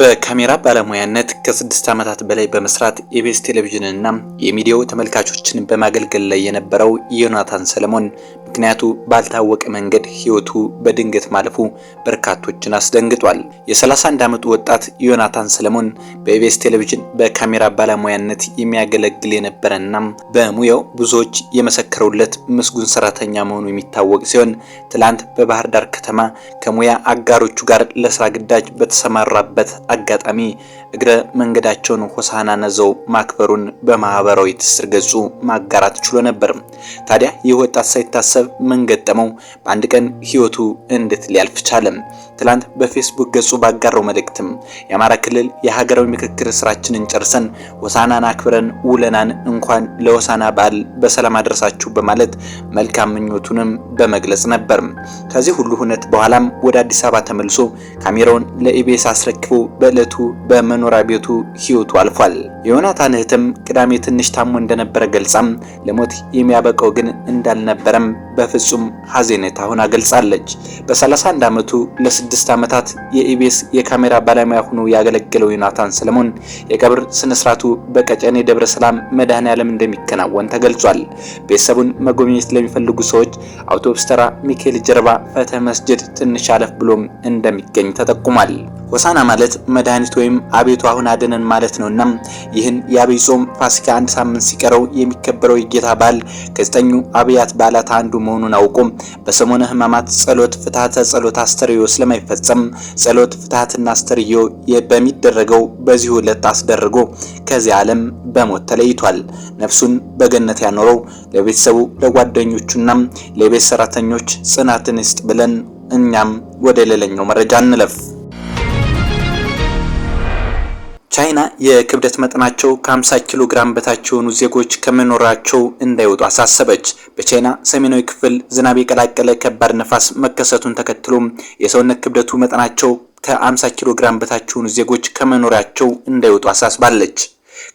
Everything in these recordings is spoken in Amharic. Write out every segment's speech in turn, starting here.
በካሜራ ባለሙያነት ከስድስት ዓመታት በላይ በመስራት ኢቢኤስ ቴሌቪዥንና የሚዲያው ተመልካቾችን በማገልገል ላይ የነበረው ዮናታን ሰለሞን ምክንያቱ ባልታወቀ መንገድ ህይወቱ በድንገት ማለፉ በርካቶችን አስደንግጧል። የ31 ዓመቱ ወጣት ዮናታን ሰለሞን በኢቢኤስ ቴሌቪዥን በካሜራ ባለሙያነት የሚያገለግል የነበረና በሙያው ብዙዎች የመሰከረውለት ምስጉን ሰራተኛ መሆኑ የሚታወቅ ሲሆን ትላንት በባህር ዳር ከተማ ከሙያ አጋሮቹ ጋር ለስራ ግዳጅ በተሰማራበት አጋጣሚ እግረ መንገዳቸውን ሆሳና ነዘው ማክበሩን በማህበራዊ ትስስር ገጹ ማጋራት ችሎ ነበር። ታዲያ ይህ ወጣት ሳይታሰብ ቤተሰብ ምን ገጠመው? በአንድ ቀን ህይወቱ እንዴት ሊያልፍ ቻለም? ትላንት በፌስቡክ ገጹ ባጋረው መልእክትም የአማራ ክልል የሀገራዊ ምክክር ስራችንን ጨርሰን ወሳናን አክብረን ውለናን እንኳን ለወሳና በዓል በሰላም አድረሳችሁ በማለት መልካም ምኞቱንም በመግለጽ ነበር። ከዚህ ሁሉ ሁነት በኋላም ወደ አዲስ አበባ ተመልሶ ካሜራውን ለኢቢኤስ አስረክቦ በዕለቱ በመኖሪያ ቤቱ ህይወቱ አልፏል። የዮናታን እህትም ቅዳሜ ትንሽ ታሞ እንደነበረ ገልጻም ለሞት የሚያበቃው ግን እንዳልነበረም በፍጹም ሐዘኔታ ሆና ገልጻለች። በ31 ዓመቱ ለስድስት ዓመታት የኢቢኤስ የካሜራ ባለሙያ ሆኖ ያገለገለው ዮናታን ሰለሞን የቀብር ስነ ስርዓቱ በቀጨኔ ደብረ ሰላም መድኃኔ ዓለም እንደሚከናወን ተገልጿል። ቤተሰቡን መጎብኘት ለሚፈልጉ ሰዎች አውቶብስ ተራ ሚካኤል ጀርባ ፈትህ መስጅድ ትንሽ አለፍ ብሎም እንደሚገኝ ተጠቁሟል። ሆሳና ማለት መድኃኒት ወይም አቤቱ አሁን አድነን ማለት ነውና ይህን የአብይ ጾም ፋሲካ አንድ ሳምንት ሲቀረው የሚከበረው የጌታ በዓል ከዘጠኙ አብያት በዓላት አንዱ መሆኑን አውቆ በሰሞነ ሕማማት ጸሎት፣ ፍትሐተ ጸሎት አስተርዮ ስለማይፈጸም ጸሎት ፍትሐትና አስተርዮ በሚደረገው በዚሁ ዕለት አስደርጎ ከዚህ ዓለም በሞት ተለይቷል። ነፍሱን በገነት ያኖረው ለቤተሰቡ ለጓደኞቹና ለቤት ሰራተኞች ጽናትን ይስጥ ብለን እኛም ወደ ሌላኛው መረጃ እንለፍ። ቻይና የክብደት መጠናቸው ከ50 ኪሎ ግራም በታች የሆኑ ዜጎች ከመኖራቸው እንዳይወጡ አሳሰበች። በቻይና ሰሜናዊ ክፍል ዝናብ የቀላቀለ ከባድ ነፋስ መከሰቱን ተከትሎም የሰውነት ክብደቱ መጠናቸው ከ50 ኪሎ ግራም በታች የሆኑ ዜጎች ከመኖራቸው እንዳይወጡ አሳስባለች።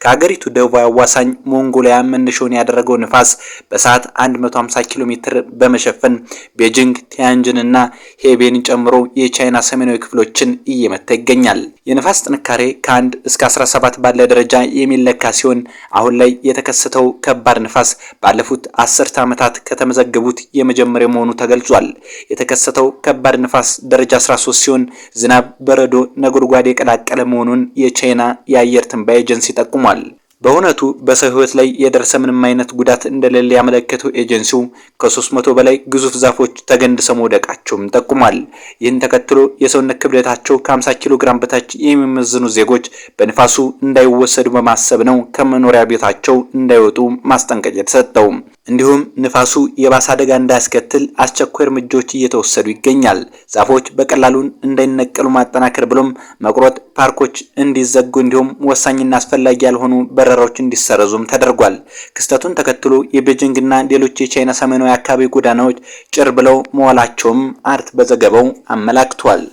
ከሀገሪቱ ደቡባዊ አዋሳኝ ሞንጎሊያ መነሻውን ያደረገው ንፋስ በሰዓት 150 ኪሎ ሜትር በመሸፈን ቤጂንግ፣ ቲያንጅን እና ሄቤን ጨምሮ የቻይና ሰሜናዊ ክፍሎችን እየመታ ይገኛል። የንፋስ ጥንካሬ ከአንድ እስከ 17 ባለ ደረጃ የሚለካ ሲሆን አሁን ላይ የተከሰተው ከባድ ንፋስ ባለፉት አስርተ ዓመታት ከተመዘገቡት የመጀመሪያው መሆኑ ተገልጿል። የተከሰተው ከባድ ንፋስ ደረጃ 13 ሲሆን ዝናብ፣ በረዶ፣ ነጎድጓድ የቀላቀለ መሆኑን የቻይና የአየር ትንባይ ኤጀንሲ ጠቁሟል። ጠቁሟል። በእውነቱ በሰው ህይወት ላይ የደረሰ ምንም አይነት ጉዳት እንደሌለ ያመለከተው ኤጀንሲው ከ መቶ በላይ ግዙፍ ዛፎች ተገንድሰው መውደቃቸውም ጠቁሟል። ይህን ተከትሎ የሰውነት ክብደታቸው ከ50 ኪሎ ግራም በታች የሚመዝኑ ዜጎች በንፋሱ እንዳይወሰዱ በማሰብ ነው ከመኖሪያ ቤታቸው እንዳይወጡ ማስጠንቀቂያ የተሰጠው። እንዲሁም ንፋሱ የባሰ አደጋ እንዳያስከትል አስቸኳይ እርምጃዎች እየተወሰዱ ይገኛል። ዛፎች በቀላሉን እንዳይነቀሉ ማጠናከር ብሎም መቁረጥ፣ ፓርኮች እንዲዘጉ እንዲሁም ወሳኝና አስፈላጊ ያልሆኑ በረራዎች እንዲሰረዙም ተደርጓል። ክስተቱን ተከትሎ የቤጂንግና ሌሎች የቻይና ሰሜናዊ አካባቢ ጎዳናዎች ጭር ብለው መዋላቸውም አርት በዘገባው አመላክቷል።